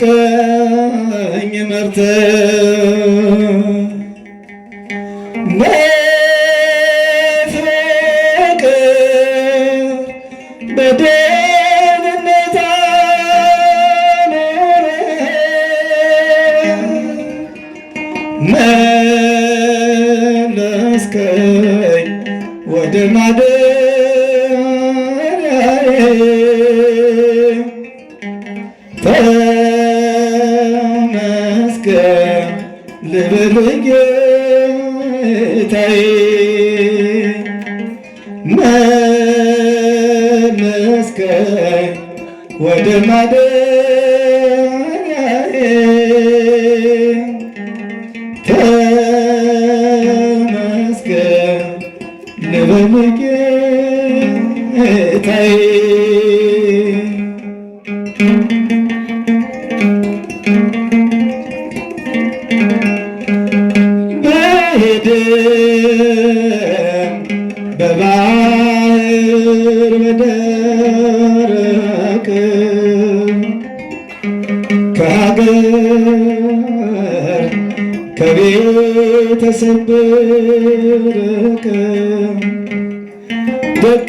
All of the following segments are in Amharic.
ጠየቀኝ መርት በፍቅር በደ ተመስገን ልብል ወደ ማደሪያዬ አልሄድም በባህር በደረቅ ከሀገር ከቤተሰብ ርቅ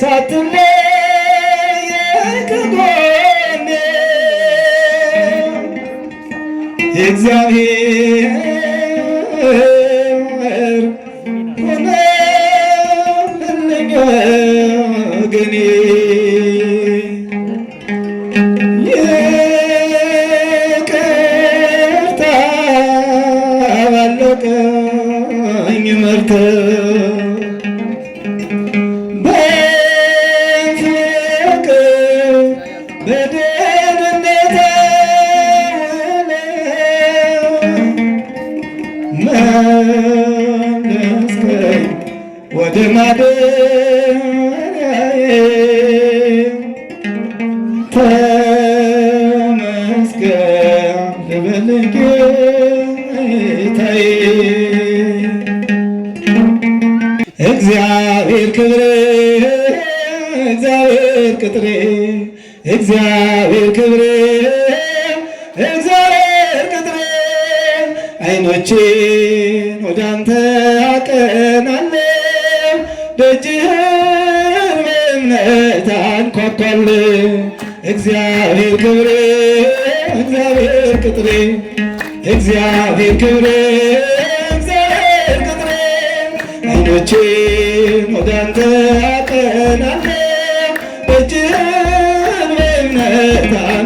ሳትለይ It's a Examine. እግዚአብሔር ክብር እግዚአብሔር ቅጥር አይኖችን ወደ አንተ አቀናለሁ ደጅህን በእምነት አንኳኳለሁ። እግዚአብሔር ክብር እግዚአብሔር ቅጥር እግዚአብሔር ክብር እግዚአብሔር ቅጥር አይኖችን ወደ አንተ አቀናለሁ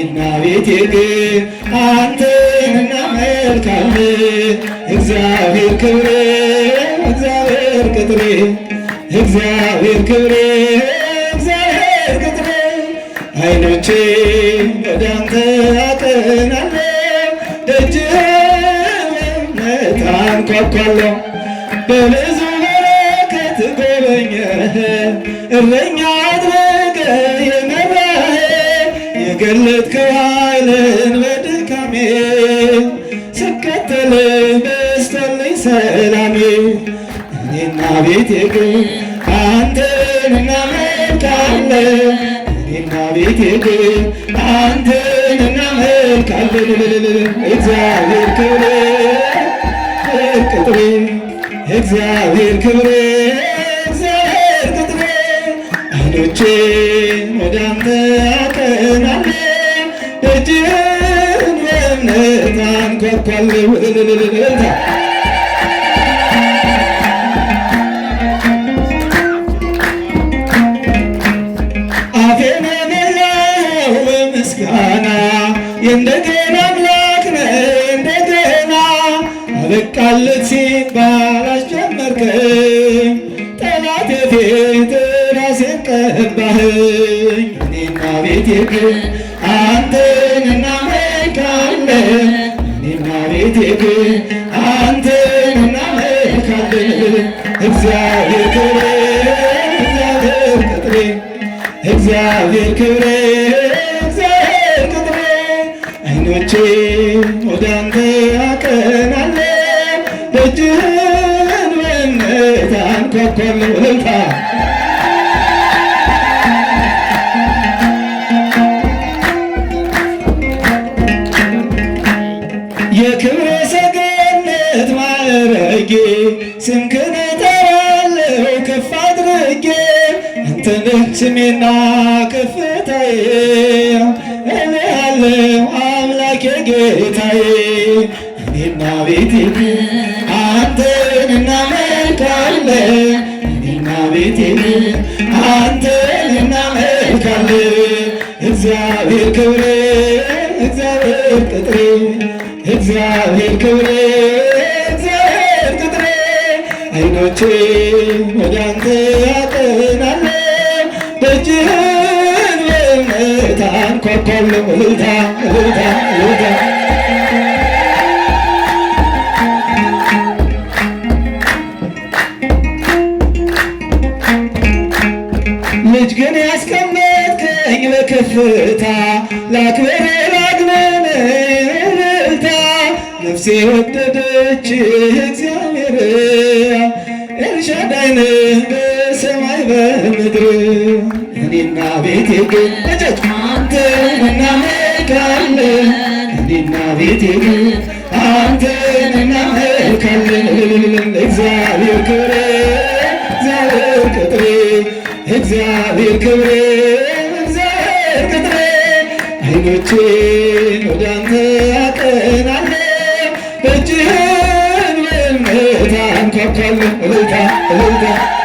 እመቤቴ ግን አንተን እናመልካለን። እግዚአብሔር ክብሬ እግዚአብሔር ቅጥሬ እግዚአብሔር ክብሬ እግዚአብሔር ቅጥሬ አይኖቼ ወዳንተ በብዙ በረከት ጎበኘህ እረኛ የገለጥክ ኃይልን በድካሜ ስከተል በስተልኝ ሰላሜ እኔና ቤቴ ግን አንተን እናመልካለን እኔና ቤቴ ግን አንተን እናመልካለን እግዚአብሔር ክብሬ ቅጥሬ እግዚአብሔር ክብሬ እጅ ደመቀናለ እጅን በእምነት አንኳኳለ አፌን ሞላው በምስጋና የእንደገና አምላክ ነህ እንደገና አበቃለት ሲባል አስጀመርከኝ ልክ አንተን እግዚአብሔር ክብር እግዚአብሔር ክብሬ አይኖቼ ወደ አንተ አቀናለሁ ደጅህን በእምነት አንኳኳለሁ አንተነ ስሜና ከፍታዬ እኔ አምላኬ ጌታዬ እኔና ቤቴ አንተን እናመልካለን እኔና ቤቴ አንተን እናመልካለን እግዚአብሔር እግዚአብሔር እግዚአብሔር እግዚአብሔር አይኖቼ ወደ አንተ እጅን የምታን ኮከብ ልታ ልታ ልታ ልጅ ግን ያስቀመጥከኝ በከፍታ ላክብር ላግነን እልልታ ነፍሴ ወደደች እግዚአብሔር ኤልሻዳይ ነህ በምድር እኔና ቤቴ ግን እጨት አንተ እናመልካለን እኔና ቤቴ ግን አንተ እናመልካለን እግዚአብሔር ክብሬ እግዚአብሔር ቅጥሬ እግዚአብሔር ክብሬ እግዚአብሔር ቅጥሬ አይኖቼን ወደ አንተ አቀናለ እጅህን ምልታ እንኳኳለ እልልታ እልልታ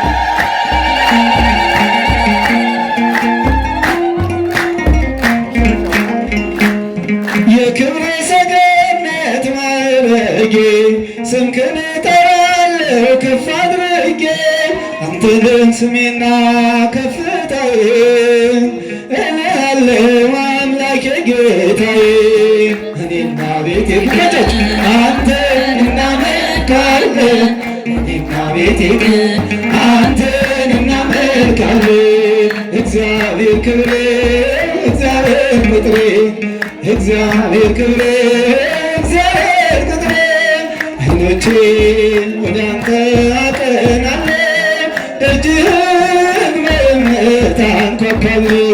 የምትልን ስሜና ከፍታዬ ያለው አምላኬ ጌታዬ እኔና ቤቴ አንተን እናመልካለን እግዚአብሔር ክብሬ እግዚአብሔር እግዚአብሔር ክብሬ እግዚአብሔር እጅግ ምዕመታን ኮከብታ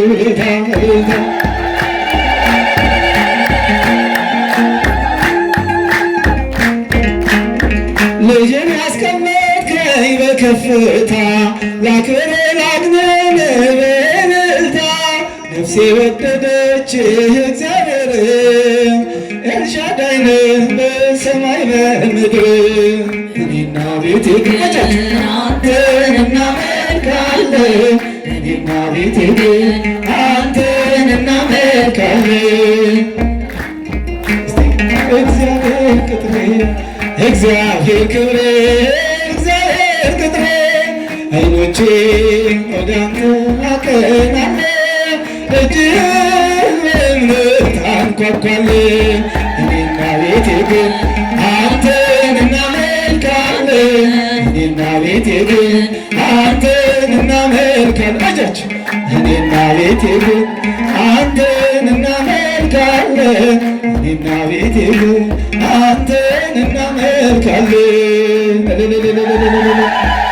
ልጅን ያስቀመጥከኝ በከፍታ ላክብር ላግነን በእልልታ ነፍሴ ወደደች እግዚአብሔር ኤልሻዳይ ነህ በሰማይ በምድር እኔና ቤቴ ግን አንተን እናመልካለን እኔና ቤቴ ግን አንተን እናመልካለን እግዚአብሔር ቅጥሬ እግዚአብሔር ክብሬ እግዚአብሔር ቅጥሬ አይኖቼ ወደ አንተ አቀናለሁ እጅህ በእምነት አንኳኳለሁ ግን አንተን እናመልካለን እኔና ቤቴ ግን አንተን እናመልካለን እጃች እኔና ቤቴ ግን አንተን እናመልካለን እኔና ቤቴ ግን አንተን እናመልካለን